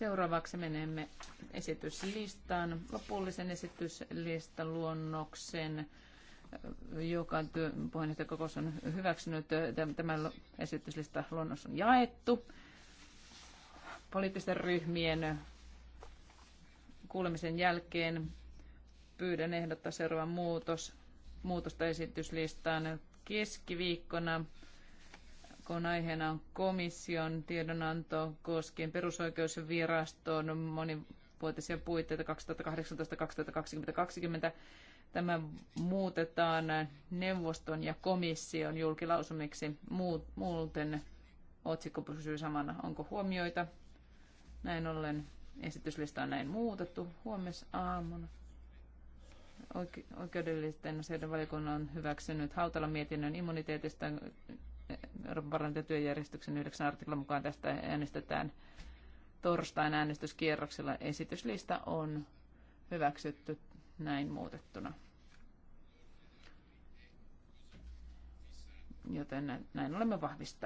Seuraavaksi menemme esityslistaan, lopullisen esityslistan luonnoksen, joka puheenjohtajakokous on hyväksynyt. Tämä esityslista luonnos on jaettu poliittisten ryhmien kuulemisen jälkeen pyydän ehdottaa seuraavan muutos, muutosta esityslistaan keskiviikkona kun aiheena on komission tiedonanto koskien perusoikeusviraston monivuotisia puitteita 2018-2020. Tämä muutetaan neuvoston ja komission julkilausumiksi. Muuten otsikko pysyy samana. Onko huomioita? Näin ollen esityslista on näin muutettu huomisaamuna. oikeudellisten asioiden valiokunnan on hyväksynyt Hautalan mietinnön immuniteetista Euroopan parlamentin työjärjestyksen 9 artiklan mukaan tästä äänestetään torstain äänestyskierroksella. Esityslista on hyväksytty näin muutettuna. Joten näin olemme vahvistaneet.